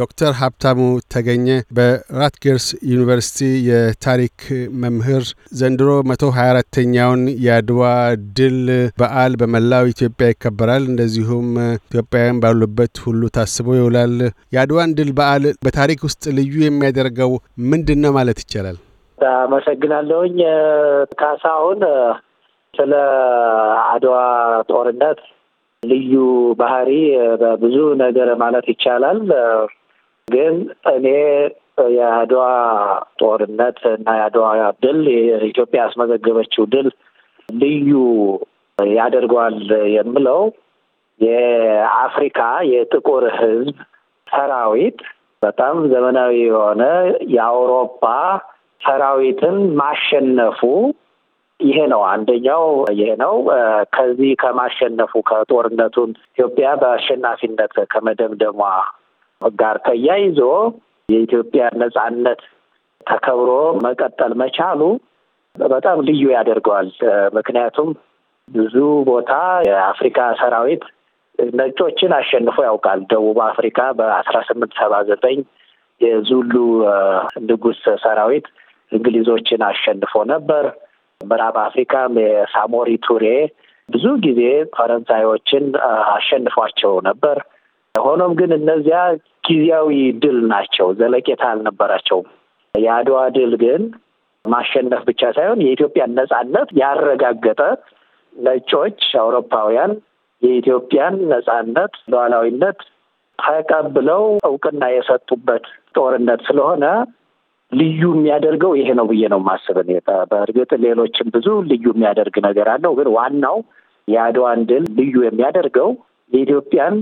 ዶክተር ሀብታሙ ተገኘ በራትገርስ ዩኒቨርሲቲ የታሪክ መምህር፣ ዘንድሮ 24 ተኛውን የአድዋ ድል በዓል በመላው ኢትዮጵያ ይከበራል። እንደዚሁም ኢትዮጵያውያን ባሉበት ሁሉ ታስቦ ይውላል። የአድዋን ድል በዓል በታሪክ ውስጥ ልዩ የሚያደርገው ምንድን ነው ማለት ይቻላል? አመሰግናለሁኝ ካሳሁን። ስለ አድዋ ጦርነት ልዩ ባህሪ በብዙ ነገር ማለት ይቻላል። ግን እኔ የአድዋ ጦርነት እና የአድዋ ድል የኢትዮጵያ ያስመዘገበችው ድል ልዩ ያደርገዋል የምለው የአፍሪካ የጥቁር ሕዝብ ሰራዊት በጣም ዘመናዊ የሆነ የአውሮፓ ሰራዊትን ማሸነፉ ይሄ ነው አንደኛው። ይሄ ነው ከዚህ ከማሸነፉ ከጦርነቱን ኢትዮጵያ በአሸናፊነት ከመደምደሟ ጋር ተያይዞ የኢትዮጵያ ነጻነት ተከብሮ መቀጠል መቻሉ በጣም ልዩ ያደርገዋል። ምክንያቱም ብዙ ቦታ የአፍሪካ ሰራዊት ነጮችን አሸንፎ ያውቃል። ደቡብ አፍሪካ በአስራ ስምንት ሰባ ዘጠኝ የዙሉ ንጉሥ ሰራዊት እንግሊዞችን አሸንፎ ነበር። ምዕራብ አፍሪካም የሳሞሪ ቱሬ ብዙ ጊዜ ፈረንሳዮችን አሸንፏቸው ነበር። ሆኖም ግን እነዚያ ጊዜያዊ ድል ናቸው፣ ዘለቄታ አልነበራቸውም። የአድዋ ድል ግን ማሸነፍ ብቻ ሳይሆን የኢትዮጵያን ነጻነት ያረጋገጠ ነጮች አውሮፓውያን የኢትዮጵያን ነጻነት ሉዓላዊነት ተቀብለው እውቅና የሰጡበት ጦርነት ስለሆነ ልዩ የሚያደርገው ይሄ ነው ብዬ ነው ማስብን። በእርግጥ ሌሎችም ብዙ ልዩ የሚያደርግ ነገር አለው፣ ግን ዋናው የአድዋን ድል ልዩ የሚያደርገው የኢትዮጵያን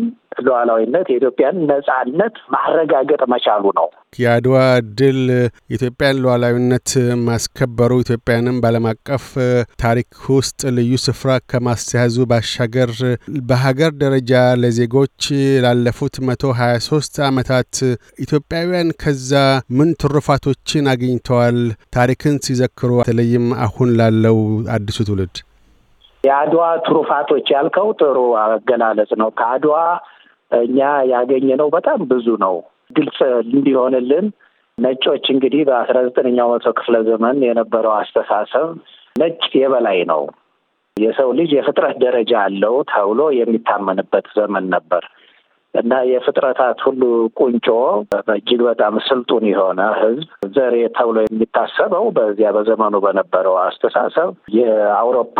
ሉዓላዊነት የኢትዮጵያን ነጻነት ማረጋገጥ መቻሉ ነው። የአድዋ ድል የኢትዮጵያን ሉዓላዊነት ማስከበሩ ኢትዮጵያንም በዓለም አቀፍ ታሪክ ውስጥ ልዩ ስፍራ ከማስተያዙ ባሻገር በሀገር ደረጃ ለዜጎች ላለፉት መቶ ሀያ ሶስት ዓመታት ኢትዮጵያውያን ከዛ ምን ትሩፋቶችን አግኝተዋል? ታሪክን ሲዘክሩ በተለይም አሁን ላለው አዲሱ ትውልድ የአድዋ ትሩፋቶች ያልከው ጥሩ አገላለጽ ነው። ከአድዋ እኛ ያገኘነው በጣም ብዙ ነው። ግልጽ እንዲሆንልን ነጮች እንግዲህ በአስራ ዘጠነኛው መቶ ክፍለ ዘመን የነበረው አስተሳሰብ ነጭ የበላይ ነው፣ የሰው ልጅ የፍጥረት ደረጃ አለው ተብሎ የሚታመንበት ዘመን ነበር። እና የፍጥረታት ሁሉ ቁንጮ እጅግ በጣም ስልጡን የሆነ ህዝብ ዘሬ ተብሎ የሚታሰበው በዚያ በዘመኑ በነበረው አስተሳሰብ የአውሮፓ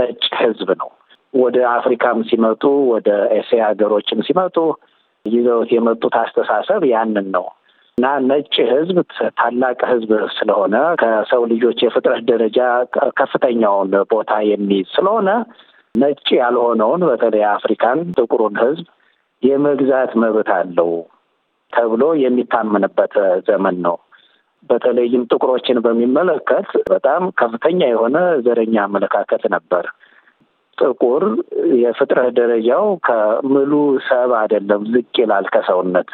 ነጭ ህዝብ ነው። ወደ አፍሪካም ሲመጡ ወደ ኤስያ ሀገሮችም ሲመጡ ይዘውት የመጡት አስተሳሰብ ያንን ነው እና ነጭ ህዝብ ታላቅ ህዝብ ስለሆነ ከሰው ልጆች የፍጥረት ደረጃ ከፍተኛውን ቦታ የሚይዝ ስለሆነ ነጭ ያልሆነውን በተለይ አፍሪካን ጥቁሩን ህዝብ የመግዛት መብት አለው ተብሎ የሚታመንበት ዘመን ነው። በተለይም ጥቁሮችን በሚመለከት በጣም ከፍተኛ የሆነ ዘረኛ አመለካከት ነበር። ጥቁር የፍጥረት ደረጃው ከምሉ ሰብ አይደለም፣ ዝቅ ይላል ከሰውነት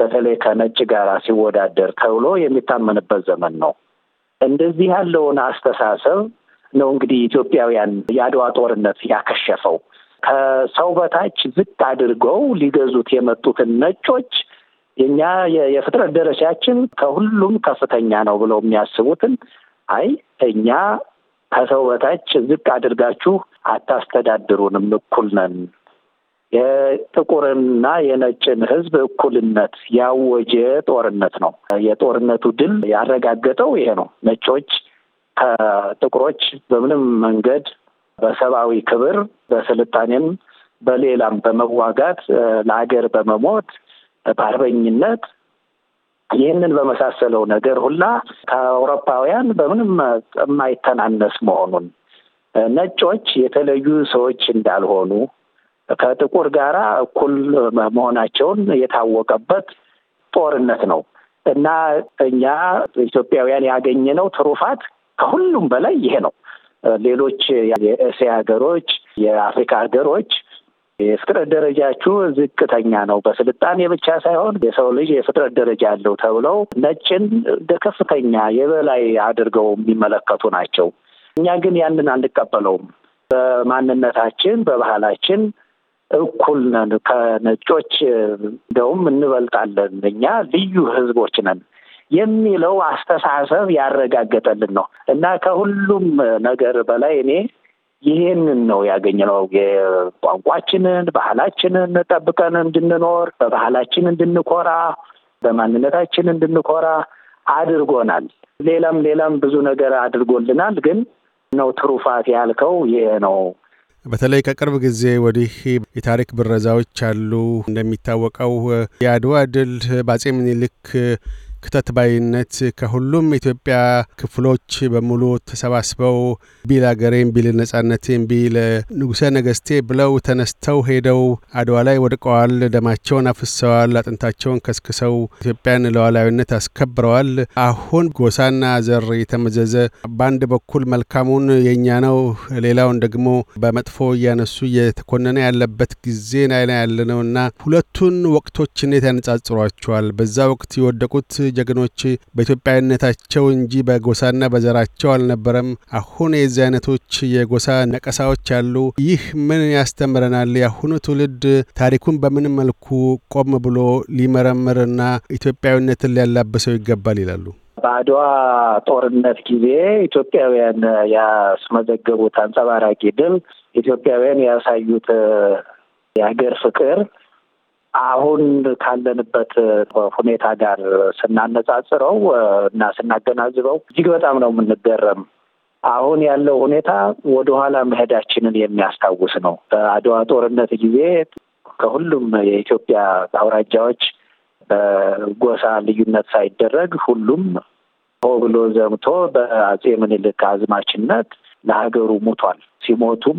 በተለይ ከነጭ ጋር ሲወዳደር ተብሎ የሚታመንበት ዘመን ነው። እንደዚህ ያለውን አስተሳሰብ ነው እንግዲህ ኢትዮጵያውያን የአድዋ ጦርነት ያከሸፈው። ከሰው በታች ዝቅ አድርገው ሊገዙት የመጡትን ነጮች የእኛ የፍጥረት ደረጃችን ከሁሉም ከፍተኛ ነው ብለው የሚያስቡትን አይ እኛ ከሰው በታች ዝቅ አድርጋችሁ አታስተዳድሩንም፣ እኩል ነን። የጥቁርና የነጭን ሕዝብ እኩልነት ያወጀ ጦርነት ነው። የጦርነቱ ድል ያረጋገጠው ይሄ ነው። ነጮች ከጥቁሮች በምንም መንገድ በሰብአዊ ክብር፣ በስልጣኔም፣ በሌላም በመዋጋት ለሀገር በመሞት በአርበኝነት ይህንን በመሳሰለው ነገር ሁላ ከአውሮፓውያን በምንም የማይተናነስ መሆኑን ነጮች የተለዩ ሰዎች እንዳልሆኑ ከጥቁር ጋራ እኩል መሆናቸውን የታወቀበት ጦርነት ነው እና እኛ ኢትዮጵያውያን ያገኘነው ትሩፋት ከሁሉም በላይ ይሄ ነው። ሌሎች የእስያ ሀገሮች፣ የአፍሪካ ሀገሮች የፍጥረት ደረጃችሁ ዝቅተኛ ነው፣ በስልጣኔ ብቻ ሳይሆን የሰው ልጅ የፍጥረት ደረጃ አለው ተብለው ነጭን እንደ ከፍተኛ የበላይ አድርገው የሚመለከቱ ናቸው። እኛ ግን ያንን አንቀበለውም። በማንነታችን በባህላችን እኩል ነን ከነጮች፣ እንደውም እንበልጣለን። እኛ ልዩ ህዝቦች ነን። የሚለው አስተሳሰብ ያረጋገጠልን ነው እና ከሁሉም ነገር በላይ እኔ ይህንን ነው ያገኘነው። የቋንቋችንን ባህላችንን ጠብቀን እንድንኖር፣ በባህላችን እንድንኮራ፣ በማንነታችን እንድንኮራ አድርጎናል። ሌላም ሌላም ብዙ ነገር አድርጎልናል። ግን ነው ትሩፋት ያልከው ይሄ ነው። በተለይ ከቅርብ ጊዜ ወዲህ የታሪክ ብረዛዎች አሉ። እንደሚታወቀው የአድዋ ድል በአጼ ምኒልክ ክተት ባይነት ከሁሉም ኢትዮጵያ ክፍሎች በሙሉ ተሰባስበው ቢል አገሬም ቢል ነጻነቴም ቢል ንጉሠ ነገሥቴ ብለው ተነስተው ሄደው አድዋ ላይ ወድቀዋል። ደማቸውን አፍሰዋል። አጥንታቸውን ከስክሰው ኢትዮጵያን ለዋላዊነት አስከብረዋል። አሁን ጎሳና ዘር የተመዘዘ በአንድ በኩል መልካሙን የእኛ ነው፣ ሌላውን ደግሞ በመጥፎ እያነሱ እየተኮነነ ያለበት ጊዜ ያለ ያለነው እና ሁለቱን ወቅቶች እንዴት ያነጻጽሯቸዋል? በዛ ወቅት የወደቁት ጀግኖች በኢትዮጵያዊነታቸው እንጂ በጎሳና በዘራቸው አልነበረም። አሁን የዚህ አይነቶች የጎሳ ነቀሳዎች አሉ። ይህ ምን ያስተምረናል? የአሁኑ ትውልድ ታሪኩን በምን መልኩ ቆም ብሎ ሊመረምርና ኢትዮጵያዊነትን ሊያላብሰው ይገባል ይላሉ። በአድዋ ጦርነት ጊዜ ኢትዮጵያውያን ያስመዘገቡት አንጸባራቂ ድል፣ ኢትዮጵያውያን ያሳዩት የሀገር ፍቅር አሁን ካለንበት ሁኔታ ጋር ስናነጻጽረው እና ስናገናዝበው እጅግ በጣም ነው የምንገረም። አሁን ያለው ሁኔታ ወደኋላ መሄዳችንን የሚያስታውስ ነው። በአድዋ ጦርነት ጊዜ ከሁሉም የኢትዮጵያ አውራጃዎች በጎሳ ልዩነት ሳይደረግ ሁሉም ሆ ብሎ ዘምቶ በአጼ ምኒልክ አዝማችነት ለሀገሩ ሙቷል። ሲሞቱም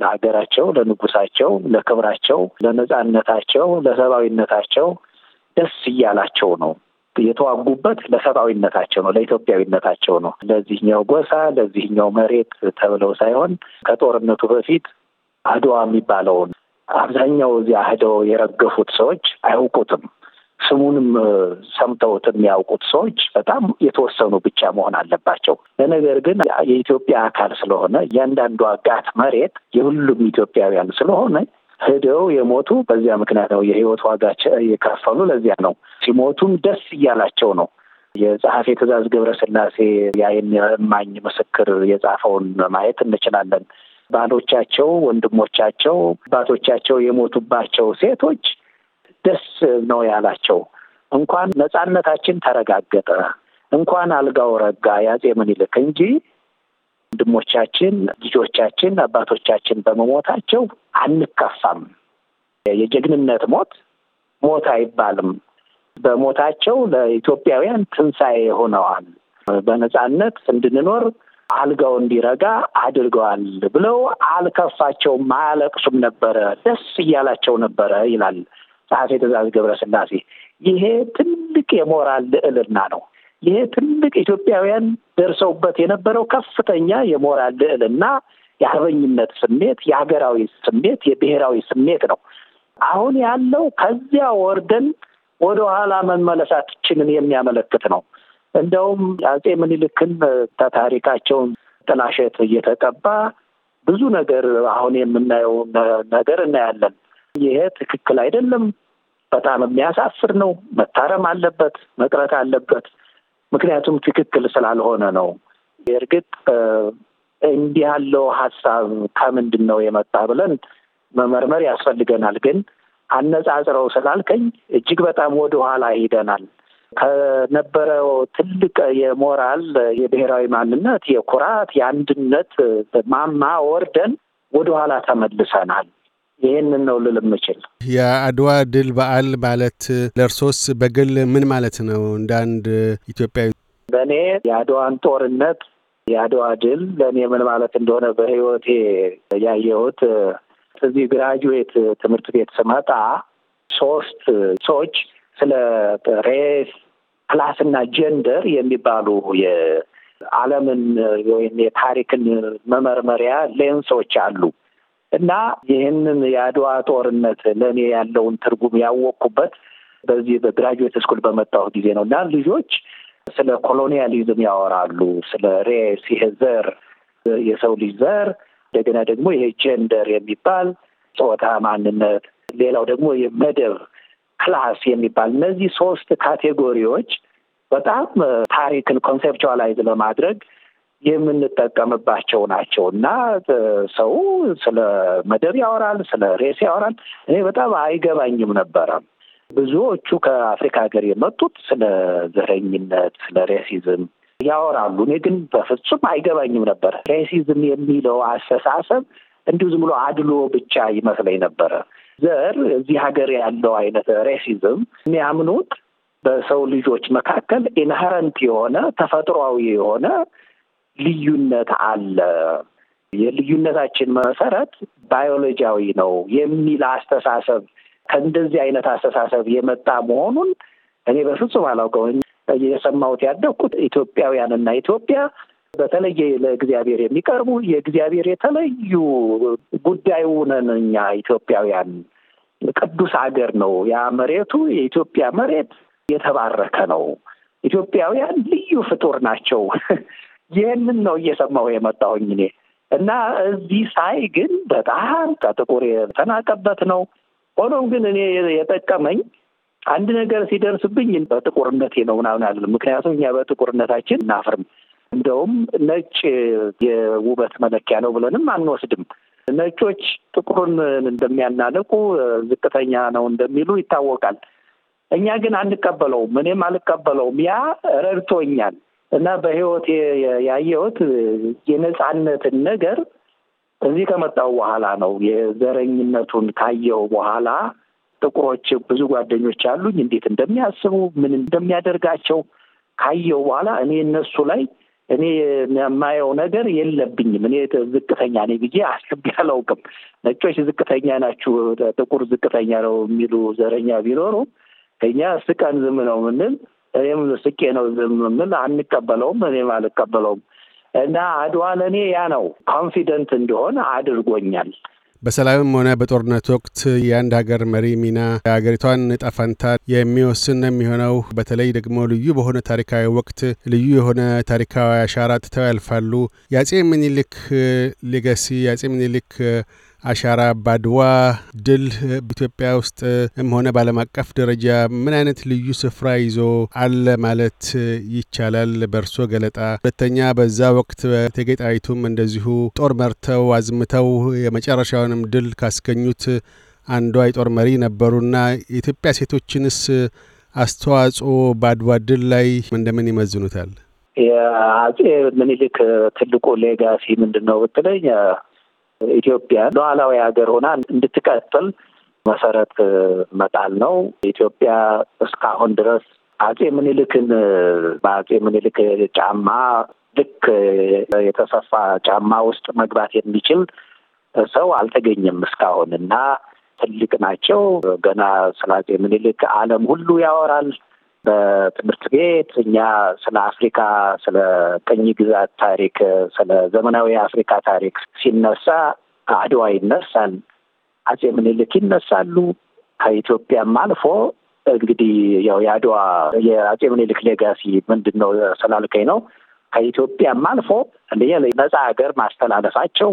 ለሀገራቸው፣ ለንጉሳቸው፣ ለክብራቸው፣ ለነጻነታቸው፣ ለሰብአዊነታቸው ደስ እያላቸው ነው የተዋጉበት። ለሰብአዊነታቸው ነው፣ ለኢትዮጵያዊነታቸው ነው። ለዚህኛው ጎሳ፣ ለዚህኛው መሬት ተብለው ሳይሆን ከጦርነቱ በፊት አድዋ የሚባለውን አብዛኛው እዚያ ሄደው የረገፉት ሰዎች አያውቁትም። ስሙንም ሰምተውት የሚያውቁት ሰዎች በጣም የተወሰኑ ብቻ መሆን አለባቸው። ለነገር ግን የኢትዮጵያ አካል ስለሆነ እያንዳንዷ ጋት መሬት የሁሉም ኢትዮጵያውያን ስለሆነ ሄደው የሞቱ በዚያ ምክንያት ነው። የህይወት ዋጋ የከፈሉ ለዚያ ነው። ሲሞቱም ደስ እያላቸው ነው። የጸሐፌ ትእዛዝ ገብረስላሴ የዓይን እማኝ ምስክር የጻፈውን ማየት እንችላለን። ባሎቻቸው፣ ወንድሞቻቸው፣ አባቶቻቸው የሞቱባቸው ሴቶች ደስ ነው ያላቸው። እንኳን ነጻነታችን ተረጋገጠ፣ እንኳን አልጋው ረጋ ያጼ ምኒልክ እንጂ ወንድሞቻችን፣ ልጆቻችን፣ አባቶቻችን በመሞታቸው አንከፋም። የጀግንነት ሞት ሞት አይባልም። በሞታቸው ለኢትዮጵያውያን ትንሣኤ ሆነዋል። በነጻነት እንድንኖር አልጋው እንዲረጋ አድርገዋል ብለው አልከፋቸውም፣ አያለቅሱም ነበረ፣ ደስ እያላቸው ነበረ ይላል ጸሐፌ ትእዛዝ ገብረስላሴ። ይሄ ትልቅ የሞራል ልዕልና ነው። ይሄ ትልቅ ኢትዮጵያውያን ደርሰውበት የነበረው ከፍተኛ የሞራል ልዕልና፣ የአርበኝነት ስሜት፣ የሀገራዊ ስሜት፣ የብሔራዊ ስሜት ነው። አሁን ያለው ከዚያ ወርደን ወደኋላ መመለሳችንን የሚያመለክት ነው። እንደውም አጼ ምኒልክን ተታሪካቸውን ጥላሸት እየተቀባ ብዙ ነገር አሁን የምናየው ነገር እናያለን። ይሄ ትክክል አይደለም፣ በጣም የሚያሳፍር ነው፣ መታረም አለበት፣ መቅረት አለበት። ምክንያቱም ትክክል ስላልሆነ ነው። እርግጥ እንዲህ ያለው ሀሳብ ከምንድን ነው የመጣ ብለን መመርመር ያስፈልገናል። ግን አነጻጽረው ስላልከኝ እጅግ በጣም ወደኋላ ሂደናል። ከነበረው ትልቅ የሞራል የብሔራዊ ማንነት፣ የኩራት፣ የአንድነት ማማ ወርደን ወደኋላ ተመልሰናል። ይህንን ነው ልል የምችል። የአድዋ ድል በዓል ማለት ለእርሶስ በግል ምን ማለት ነው? እንደ አንድ ኢትዮጵያዊ በእኔ የአድዋን ጦርነት የአድዋ ድል ለእኔ ምን ማለት እንደሆነ በህይወቴ ያየሁት እዚህ ግራጁዌት ትምህርት ቤት ስመጣ ሶስት ሰዎች ስለ ሬስ፣ ክላስ እና ጀንደር የሚባሉ የዓለምን ወይም የታሪክን መመርመሪያ ሌንሶች አሉ እና ይህንን የአድዋ ጦርነት ለእኔ ያለውን ትርጉም ያወቅኩበት በዚህ በግራጁዌት ስኩል በመጣሁ ጊዜ ነው እና ልጆች ስለ ኮሎኒያሊዝም ያወራሉ፣ ስለ ሬስ፣ ይሄ ዘር፣ የሰው ልጅ ዘር፣ እንደገና ደግሞ ይሄ ጀንደር የሚባል ጾታ ማንነት፣ ሌላው ደግሞ የመደብ ክላስ የሚባል እነዚህ ሶስት ካቴጎሪዎች በጣም ታሪክን ኮንሴፕቹዋላይዝ ለማድረግ የምንጠቀምባቸው ናቸው እና ሰው ስለ መደብ ያወራል፣ ስለ ሬስ ያወራል። እኔ በጣም አይገባኝም ነበረም። ብዙዎቹ ከአፍሪካ ሀገር የመጡት ስለ ዘረኝነት፣ ስለ ሬሲዝም ያወራሉ። እኔ ግን በፍጹም አይገባኝም ነበር። ሬሲዝም የሚለው አስተሳሰብ እንዲሁ ዝም ብሎ አድሎ ብቻ ይመስለኝ ነበረ። ዘር እዚህ ሀገር ያለው አይነት ሬሲዝም የሚያምኑት በሰው ልጆች መካከል ኢንሀረንት የሆነ ተፈጥሯዊ የሆነ ልዩነት አለ። የልዩነታችን መሰረት ባዮሎጂያዊ ነው የሚል አስተሳሰብ ከእንደዚህ አይነት አስተሳሰብ የመጣ መሆኑን እኔ በፍጹም አላውቀውም። የሰማሁት ያደግኩት ኢትዮጵያውያንና ኢትዮጵያ በተለየ ለእግዚአብሔር የሚቀርቡ የእግዚአብሔር የተለዩ ጉዳዩ ነን እኛ ኢትዮጵያውያን። ቅዱስ አገር ነው ያ መሬቱ፣ የኢትዮጵያ መሬት የተባረከ ነው። ኢትዮጵያውያን ልዩ ፍጡር ናቸው ይህንን ነው እየሰማሁ የመጣሁኝ እኔ እና እዚህ ሳይ ግን በጣም ከጥቁር የተናቀበት ነው። ሆኖም ግን እኔ የጠቀመኝ አንድ ነገር ሲደርስብኝ በጥቁርነቴ ነው ምናምን አይደለም። ምክንያቱም እኛ በጥቁርነታችን እናፍርም። እንደውም ነጭ የውበት መለኪያ ነው ብለንም አንወስድም። ነጮች ጥቁርን እንደሚያናንቁ ዝቅተኛ ነው እንደሚሉ ይታወቃል። እኛ ግን አንቀበለውም፣ እኔም አልቀበለውም። ያ ረድቶኛል። እና በህይወት ያየሁት የነፃነትን ነገር እዚህ ከመጣው በኋላ ነው። የዘረኝነቱን ካየው በኋላ ጥቁሮች ብዙ ጓደኞች አሉኝ፣ እንዴት እንደሚያስቡ ምን እንደሚያደርጋቸው ካየው በኋላ እኔ እነሱ ላይ እኔ የማየው ነገር የለብኝም። እኔ ዝቅተኛ ነኝ ብዬ አስቤ አላውቅም። ነጮች ዝቅተኛ ናችሁ፣ ጥቁር ዝቅተኛ ነው የሚሉ ዘረኛ ቢኖሩ እኛ ስቀን ዝም ነው ምንል እኔም ስቄ ነው ምን አንቀበለውም፣ እኔም አልቀበለውም እና አድዋ ለእኔ ያ ነው ኮንፊደንት እንደሆነ አድርጎኛል። በሰላምም ሆነ በጦርነት ወቅት የአንድ ሀገር መሪ ሚና የሀገሪቷን እጣ ፈንታ የሚወስን ነው የሚሆነው። በተለይ ደግሞ ልዩ በሆነ ታሪካዊ ወቅት ልዩ የሆነ ታሪካዊ አሻራ ትተው ያልፋሉ። የአጼ ምኒልክ ሌጋሲ የአጼ ምኒልክ አሻራ ባድዋ ድል ኢትዮጵያ ውስጥም ሆነ በዓለም አቀፍ ደረጃ ምን አይነት ልዩ ስፍራ ይዞ አለ ማለት ይቻላል በእርሶ ገለጣ? ሁለተኛ በዛ ወቅት እቴጌ ጣይቱም እንደዚሁ ጦር መርተው አዝምተው የመጨረሻውንም ድል ካስገኙት አንዷ የጦር መሪ ነበሩና የኢትዮጵያ ሴቶችንስ አስተዋጽኦ በአድዋ ድል ላይ እንደምን ይመዝኑታል? የአጼ ምኒልክ ትልቁ ሌጋሲ ምንድን ነው ብትለኝ ኢትዮጵያ ሉዓላዊ ሀገር ሆና እንድትቀጥል መሰረት መጣል ነው። ኢትዮጵያ እስካሁን ድረስ አጼ ምኒልክን በአጼ ምኒልክ ጫማ ልክ የተሰፋ ጫማ ውስጥ መግባት የሚችል ሰው አልተገኘም እስካሁን እና ትልቅ ናቸው። ገና ስለ አጼ ምኒልክ ዓለም ሁሉ ያወራል። በትምህርት ቤት እኛ ስለ አፍሪካ ስለ ቅኝ ግዛት ታሪክ ስለ ዘመናዊ አፍሪካ ታሪክ ሲነሳ አድዋ ይነሳል፣ አጼ ምኒልክ ይነሳሉ። ከኢትዮጵያም አልፎ እንግዲህ ያው የአድዋ የአጼ ምኒልክ ሌጋሲ ምንድን ነው ስላልከኝ ነው። ከኢትዮጵያም አልፎ እንደ ነጻ ሀገር ማስተላለፋቸው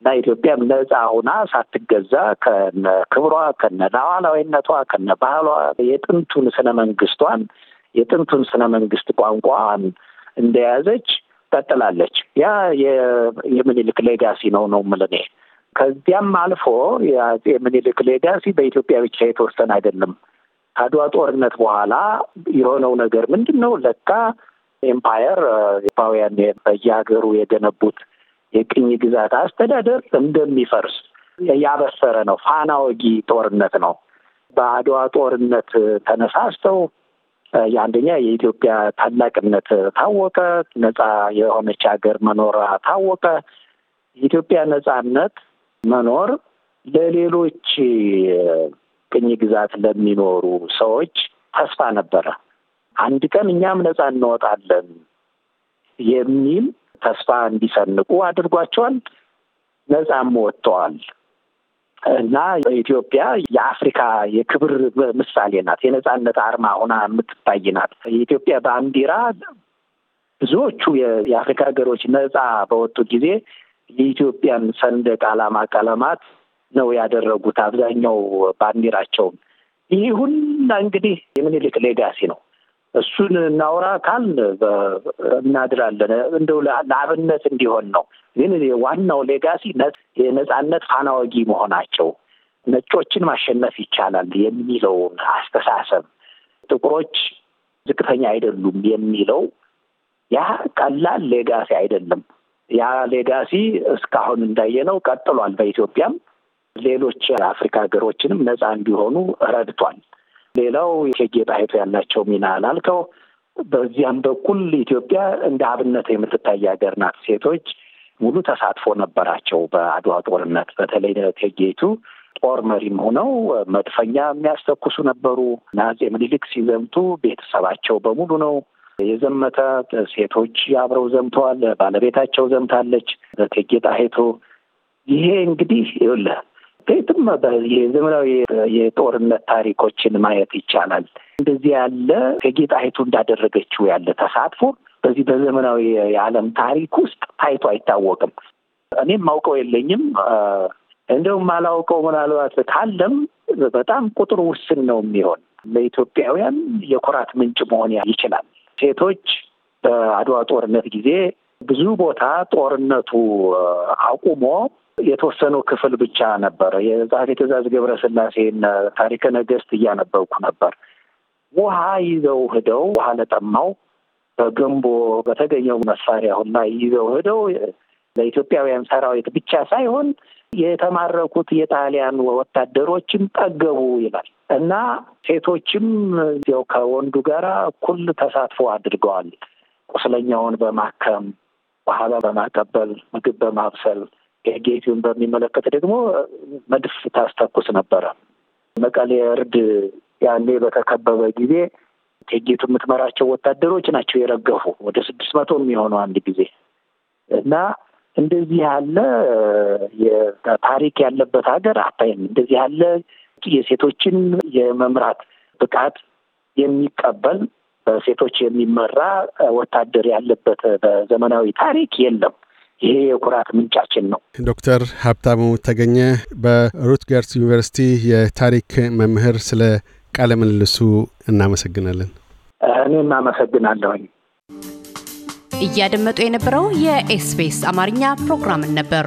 እና ኢትዮጵያ ነጻ ሆና ሳትገዛ ከነ ክብሯ ከነ ሉዓላዊነቷ ከነ ባህሏ የጥንቱን ስነ መንግስቷን የጥንቱን ስነ መንግስት ቋንቋን እንደያዘች ቀጥላለች። ያ የምኒልክ ሌጋሲ ነው ነው ምልኔ ከዚያም አልፎ የምኒልክ ሌጋሲ በኢትዮጵያ ብቻ የተወሰነ አይደለም። ከአድዋ ጦርነት በኋላ የሆነው ነገር ምንድን ነው? ለካ ኤምፓየር አውሮፓውያን በየሀገሩ የገነቡት የቅኝ ግዛት አስተዳደር እንደሚፈርስ ያበሰረ ነው። ፋና ወጊ ጦርነት ነው። በአድዋ ጦርነት ተነሳስተው የአንደኛ የኢትዮጵያ ታላቅነት ታወቀ፣ ነፃ የሆነች ሀገር መኖር ታወቀ። የኢትዮጵያ ነፃነት መኖር ለሌሎች ቅኝ ግዛት ለሚኖሩ ሰዎች ተስፋ ነበረ። አንድ ቀን እኛም ነፃ እንወጣለን የሚል ተስፋ እንዲሰንቁ አድርጓቸዋል። ነጻም ወጥተዋል እና ኢትዮጵያ የአፍሪካ የክብር ምሳሌ ናት። የነጻነት አርማ ሆና የምትታይ ናት። የኢትዮጵያ ባንዲራ ብዙዎቹ የአፍሪካ ሀገሮች ነጻ በወጡ ጊዜ የኢትዮጵያን ሰንደቅ ዓላማ ቀለማት ነው ያደረጉት አብዛኛው ባንዲራቸውን። ይህ ሁላ እንግዲህ የምኒልክ ሌጋሲ ነው። እሱን እናውራ ካል እናድራለን። እንደው ለአብነት እንዲሆን ነው። ግን ዋናው ሌጋሲ የነጻነት ፋናወጊ መሆናቸው ነጮችን ማሸነፍ ይቻላል የሚለውን አስተሳሰብ ጥቁሮች ዝቅተኛ አይደሉም የሚለው ያ ቀላል ሌጋሲ አይደለም። ያ ሌጋሲ እስካሁን እንዳየነው ቀጥሏል። በኢትዮጵያም ሌሎች የአፍሪካ ሀገሮችንም ነጻ እንዲሆኑ ረድቷል። ሌላው ቴጌ ጣይቱ ያላቸው ሚና ላልከው፣ በዚያም በኩል ኢትዮጵያ እንደ አብነት የምትታይ ሀገር ናት። ሴቶች ሙሉ ተሳትፎ ነበራቸው በአድዋ ጦርነት። በተለይ እቴጌይቱ ጦር መሪም ሆነው መድፈኛ የሚያስተኩሱ ነበሩ። አፄ ምኒልክ ሲዘምቱ ቤተሰባቸው በሙሉ ነው የዘመተ። ሴቶች አብረው ዘምተዋል። ባለቤታቸው ዘምታለች እቴጌ ጣይቱ። ይሄ እንግዲህ ይኸውልህ በየትም የዘመናዊ የጦርነት ታሪኮችን ማየት ይቻላል። እንደዚህ ያለ እቴጌ አይቱ እንዳደረገችው ያለ ተሳትፎ በዚህ በዘመናዊ የዓለም ታሪክ ውስጥ ታይቶ አይታወቅም። እኔም ማውቀው የለኝም። እንደውም ማላውቀው ምናልባት ካለም በጣም ቁጥሩ ውስን ነው የሚሆን። ለኢትዮጵያውያን የኩራት ምንጭ መሆን ይችላል። ሴቶች በአድዋ ጦርነት ጊዜ ብዙ ቦታ ጦርነቱ አቁሞ የተወሰኑ ክፍል ብቻ ነበረ። የጸሐፌ ትእዛዝ ገብረስላሴን ታሪከ ነገስት እያነበብኩ ነበር። ውሃ ይዘው ሂደው ውሃ ለጠማው በገንቦ በተገኘው መሳሪያ ሁላ ይዘው ሂደው ለኢትዮጵያውያን ሰራዊት ብቻ ሳይሆን የተማረኩት የጣሊያን ወታደሮችም ጠገቡ ይላል እና ሴቶችም ያው ከወንዱ ጋር እኩል ተሳትፎ አድርገዋል። ቁስለኛውን በማከም ውሃ በማቀበል ምግብ በማብሰል ጌቲውን በሚመለከት ደግሞ መድፍ ታስተኩስ ነበረ። መቀሌ እርድ ያኔ በተከበበ ጊዜ ቴጌቱ የምትመራቸው ወታደሮች ናቸው የረገፉ ወደ ስድስት መቶ የሚሆኑ አንድ ጊዜ እና እንደዚህ ያለ ታሪክ ያለበት ሀገር አታይም። እንደዚህ ያለ የሴቶችን የመምራት ብቃት የሚቀበል በሴቶች የሚመራ ወታደር ያለበት በዘመናዊ ታሪክ የለም። ይሄ የኩራት ምንጫችን ነው። ዶክተር ሀብታሙ ተገኘ በሩትገርስ ዩኒቨርሲቲ የታሪክ መምህር፣ ስለ ቃለ ምልልሱ እናመሰግናለን። እኔም አመሰግናለሁኝ። እያደመጡ የነበረው የኤስቢኤስ አማርኛ ፕሮግራምን ነበር።